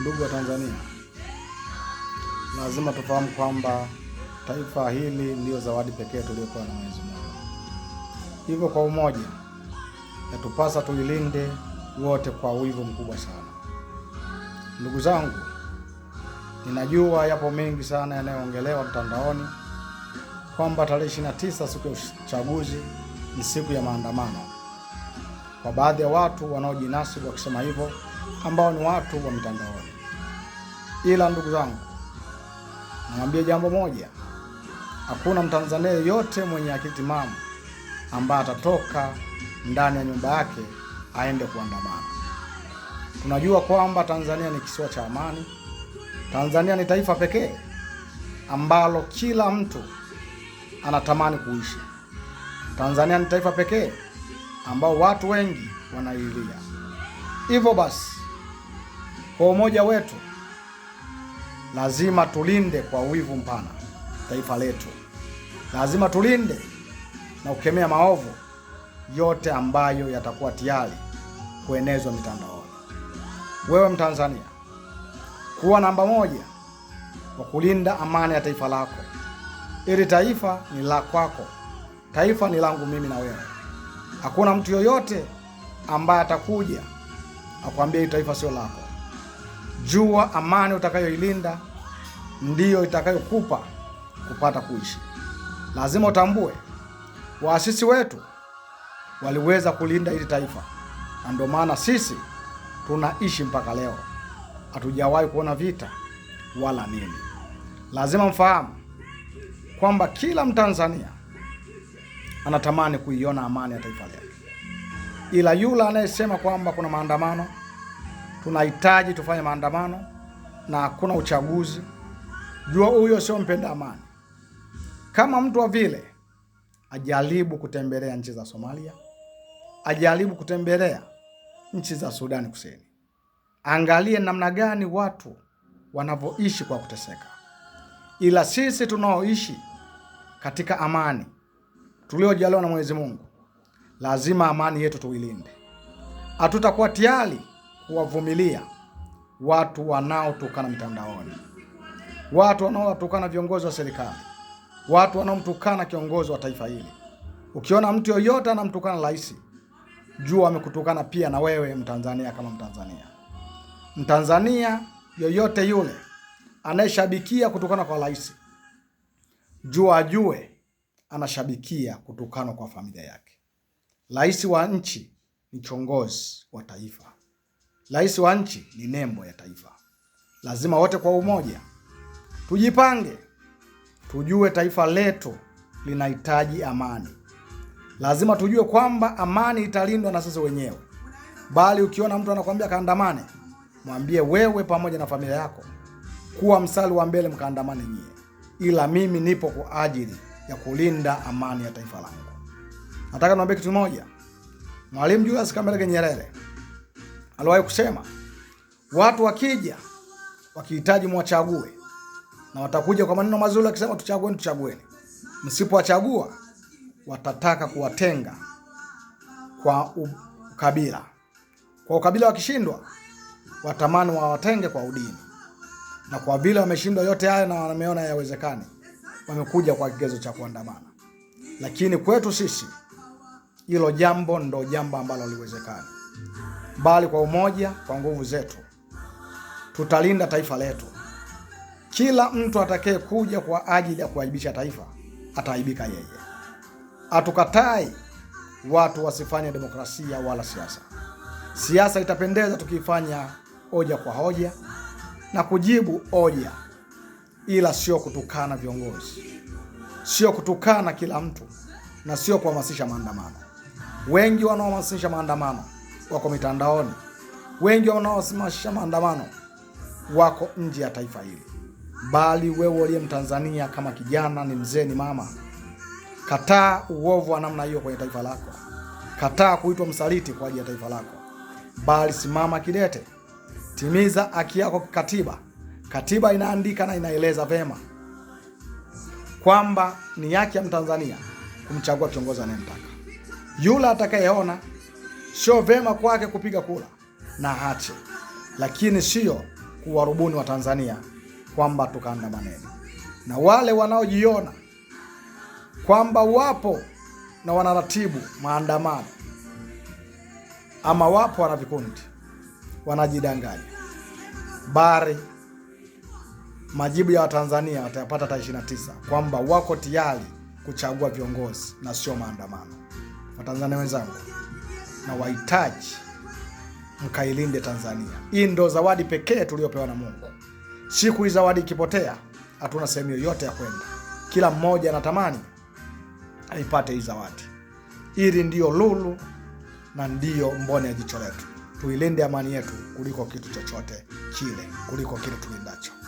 Ndugu wa Tanzania, lazima tufahamu kwamba taifa hili ndiyo zawadi pekee tuliyopewa na Mwenyezi Mungu. Hivyo kwa umoja, yatupasa tuilinde wote kwa wivu mkubwa sana. Ndugu zangu, ninajua yapo mengi sana yanayoongelewa mtandaoni kwamba tarehe 29 siku ya uchaguzi ni siku ya maandamano, kwa baadhi ya watu wanaojinasibu wakisema hivyo ambao ni watu wa mtandaoni. Ila ndugu zangu, namwambie jambo moja, hakuna mtanzania yeyote mwenye akili timamu ambaye atatoka ndani ya nyumba yake aende kuandamana. Tunajua kwamba Tanzania ni kisiwa cha amani. Tanzania ni taifa pekee ambalo kila mtu anatamani kuishi. Tanzania ni taifa pekee ambao watu wengi wanailia. Hivyo basi kwa umoja wetu lazima tulinde kwa wivu mpana taifa letu, lazima tulinde na kukemea maovu yote ambayo yatakuwa tayari kuenezwa mitandaoni. Wewe Mtanzania, kuwa namba moja wa kulinda amani ya taifa lako, ili taifa ni la kwako, taifa ni langu mimi na wewe. Hakuna mtu yoyote ambaye atakuja akwambia hii taifa sio lako. Jua amani utakayoilinda ndiyo itakayokupa kupata kuishi. Lazima utambue waasisi wetu waliweza kulinda hili taifa, na ndio maana sisi tunaishi mpaka leo, hatujawahi kuona vita wala nini. Lazima mfahamu kwamba kila Mtanzania anatamani kuiona amani ya taifa lake, ila yule anayesema kwamba kuna maandamano tunahitaji tufanye maandamano na hakuna uchaguzi. Jua huyo sio mpenda amani. Kama mtu wa vile ajaribu kutembelea nchi za Somalia, ajaribu kutembelea nchi za Sudani Kusini, angalie namna gani watu wanavyoishi kwa kuteseka, ila sisi tunaoishi katika amani tuliojaliwa na Mwenyezi Mungu, lazima amani yetu tuilinde. Hatutakuwa tayari kuwavumilia watu wanaotukana mtandaoni, watu wanaowatukana viongozi wa serikali, watu wanaomtukana kiongozi wa taifa hili. Ukiona mtu yoyote anamtukana rais, jua amekutukana pia na wewe Mtanzania. Kama Mtanzania, Mtanzania yoyote yule anayeshabikia kutukana kwa rais, jua ajue anashabikia kutukanwa kwa familia yake. Rais wa nchi ni kiongozi wa taifa. Rais wa nchi ni nembo ya taifa. Lazima wote kwa umoja tujipange, tujue taifa letu linahitaji amani. Lazima tujue kwamba amani italindwa na sisi wenyewe, bali ukiona mtu anakuambia kaandamane, mwambie wewe pamoja na familia yako kuwa mstari wa mbele, mkaandamane nyie, ila mimi nipo kwa ajili ya kulinda amani ya taifa langu. Nataka niwaambie kitu moja, Mwalimu Julius Kambarage Nyerere aliwahi kusema watu wakija wakihitaji mwachague, na watakuja kwa maneno mazuri wakisema tuchagueni, tuchagueni. Msipowachagua watataka kuwatenga kwa ukabila, kwa ukabila. Wakishindwa watamani wawatenge kwa udini, na kwa vile wameshindwa yote haya na wameona yawezekani wamekuja kwa kigezo cha kuandamana. Lakini kwetu sisi hilo jambo ndo jambo ambalo liwezekani bali kwa umoja, kwa nguvu zetu tutalinda taifa letu. Kila mtu atakaye kuja kwa ajili ya kuaibisha taifa ataaibika yeye. Hatukatai watu wasifanye demokrasia wala siasa. Siasa itapendeza tukifanya hoja kwa hoja na kujibu hoja, ila sio kutukana viongozi, sio kutukana kila mtu, na sio kuhamasisha maandamano. Wengi wanaohamasisha maandamano wako mitandaoni, wengi wanaosimamisha maandamano wako nje ya taifa hili, bali wewe uliye Mtanzania, kama kijana, ni mzee, ni mama, kataa uovu wa namna hiyo kwenye taifa lako. Kataa kuitwa msaliti kwa ajili ya taifa lako, bali simama kidete, timiza haki yako kikatiba. Katiba inaandika na inaeleza vema kwamba ni haki ya Mtanzania kumchagua kiongozi anayemtaka. Yule atakayeona sio vema kwake kupiga kura na hache, lakini sio kuwarubuni tanzania kwamba tukaandamaneni, na wale wanaojiona kwamba wapo na wanaratibu maandamano ama wapo wana vikundi, wanajidanganya. Bari majibu ya Watanzania watayapata tarehe 29 kwamba wako tayari kuchagua viongozi na sio maandamano. Watanzania wenzangu na wahitaji, mkailinde Tanzania. Hii ndo zawadi pekee tuliyopewa na Mungu. Siku hii zawadi ikipotea, hatuna sehemu yoyote ya kwenda. Kila mmoja anatamani aipate hii zawadi. Hili ndiyo lulu na ndiyo mboni ya jicho letu. Tuilinde amani yetu kuliko kitu chochote kile, kuliko kile tulindacho.